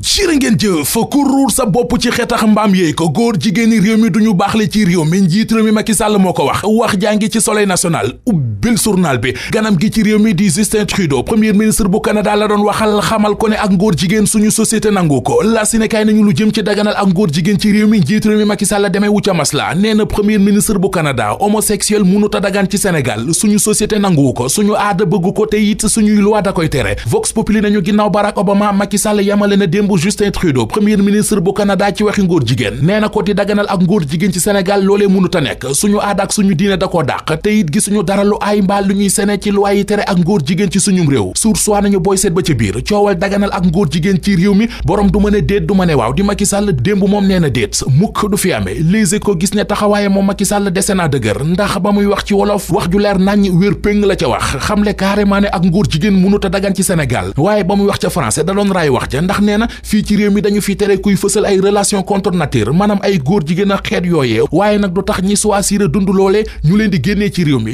jërë ngeen jëf ku ruur sa bopp ci xetax mbaam yeey ko góor jigéeni réew mi duñu baaxle ci réew mi njiit réew mi Macky Sall moo ko wax wax jaa ngi ci soleil national ubbil journal bi ganam gi ci réew mi di Justin Trudeau premier ministre bu Canada la doon waxal xamal ko ne ak ngóor jigéen suñu société nangu ko la nañu lu jëm ci daganal ak ngóor jigéen ci réew mi njiit a da koy tere Vox Populi nañu ginnaaw Barack ko di daganal ak ngóor jigéen ci Sénégal loolee mënut a nekk suñu aada ak suñu diine da koo dàq te it gisuñu dara lu ay mbaal lu ñuy sene ci loi yi tere ak ngóor jigéen ci suñum réew suur soi nañu booy seet ba ca biir coowal daganal ak ngóor jigéen ci réew mi borom du mën a déet du mën a waaw di Macky Sall démb moom nee na déet mukk du fi amee Les Échos gis ne taxawaaye moom Macky Sall dese naa dëgër ndax ba muy wax ci wolof wax ju leer nañ wér péng la ca wax xam le carrément ne ak ngóor jigéen mënut a dagan ci Sénégal waaye ba muy wax ca français da doon raay wax ja ndax nee na fii ci réew mi dañu fi tere kuy relation contre nature ay góor jigéen a xeet yooyee waaye nag du tax ñi choisir dund loolee ñu leen di génnee ci réew mi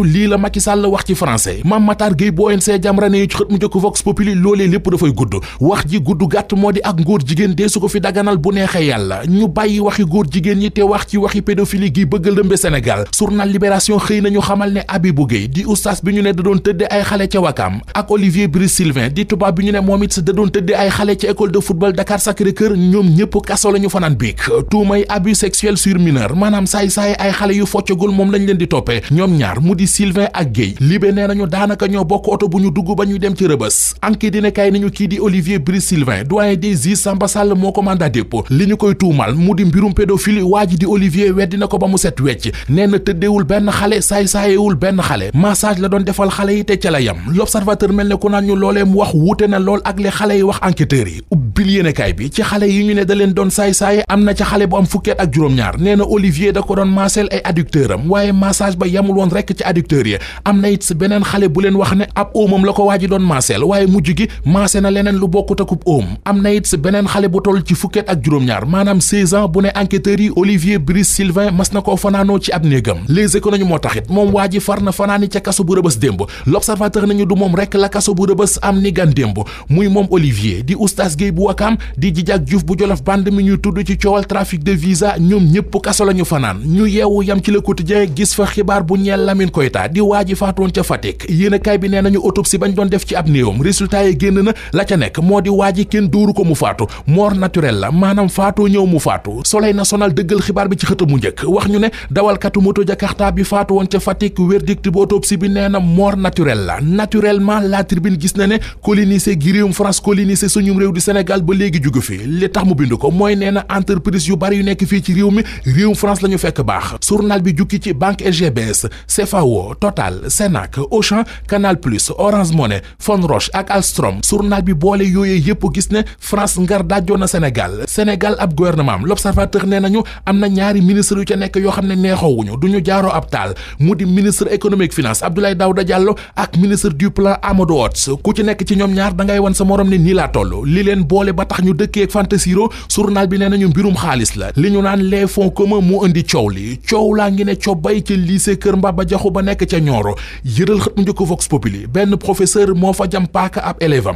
ñu lii la Macky Sall wax ci français Mam Matar Gueye bu ONC Jamra ne ci xet mu njëkk Vox Populi loolee lépp dafay gudd wax ji gudd gàtt moo di ak ngóor jigéen dee suko ko fi daganal bu neexee yàlla ñu bàyyi waxi góor jigéen ñi te wax ci waxi pédophilie gi bëgg lëmbe Sénégal journal Libération xëy nañu xamal ne Abibou Gueye di oustaz bi ñu ne da doon tëdde ay xale ca Wakam ak Olivier Brice Sylvain di tuba bi ñu ne moom it da doon tëdde ay xale ca école de football Dakar Sacré-Cœur ñoom ñëpp kaso lañu fanaan biig tuumay abus sexuel sur mineur maanaam saay-saay ay xale yu foccagul moom lañ leen di toppee ñoom ñaar mu di Sylvain ak Guèye Libé nee nañu daanaka ñoo bokk oto bu ñu dugg ba ñuy dem ci rëbës enquête dina kay nañu kii di Olivier Brice Sylvain doyen des juges Samba Sall moo ko mandat dépôt li ñu koy tuumal mu di mbirum pédophile waa ji di Olivier weddi na ko ba mu set wecc nee na tëddeewul benn xale saay-saayewul benn xale massage la doon defal xale yi te ca la yam l'observateur mel ne ku naan ñu loolee mu wax wuute na lool ak li xale yi wax enquêteurs yi ubbil yéenekaay bi ci xale yi ñu ne da leen doon saay-saay am na ca xale bu am fukkeet ak juróom-ñaar nee Olivier da ko doon maaseel ay adducteur waaye massage ba yamul rekk ci adducteur yi am na it beneen xale bu leen wax ne ab óomam la ko waa doon maaseel waaye mujj gi maase na leneen lu bokkut akub óom am na it beneen xale bu toll ci fukkeet ak juróom-ñaar maanaam 16 bu ne enquêteurs Olivier Brice Sylvain mas na koo fanaanoo ci Wakam di Djidiack Diouf bu Jolof Band mi ñu tudd ci coowal trafic de visa ñoom ñëpp kaso la fanaan ñu yeewu yam ci Le Quotidien gis fa xibaar bu ñeel Lamine Koita di waa ji faatoon ca Fatick yéenekaay bi nee nañu autopsie bañ doon def ci ab néewam résultat yi génn na la ca nekk moo di waa ji kenn dóoru ko mu faatu mort naturelle la maanaam faatoo ñëw mu faatu Soleil national dëggal xibaar bi ci xët mu njëkk wax ñu ne dawalkatu moto Jakarta bi faatu woon ca Fatick verdict bu autopsie bi nee na mort naturelle la naturellement la tribune gis na ne colonisé gi réewum France colonisé suñum réew di daal ba léegi jóge fi li tax mu bind ko mooy nee entreprise yu bari yu nekk fii ci réew mi réewum France la ñu fekk baax journal bi jukki ci banque SGBS CFAO Total Senac Auchan Canal Plus Orange Money Fon Roche ak Alstrom journal bi boole yooyee yëpp gis ne France ngar dajjoon na Sénégal Sénégal ab gouvernement am l'observateur nee nañu am na ñaari ministre yu ca nekk yoo xam ne neexoowuñu du ñu jaaroo ab taal mu di ministre économique finance Abdoulaye Daouda Diallo ak ministre du plan Amadou Hott ku ci nekk ci ñoom ñaar da ngay wan sa morom ne nii laa toll ba tax ñu dëkkee ak fantasiro journal bi nee nañu mbirum xaalis la li ñu naan les fonds communs moo indi coow li coow laa ngi ne cobbay ca lycée Kër ba Jaxu ba nekk ca Nioro yëral xët mu njëkk Vox Populi benn professeur moo fa jam paaka ab élève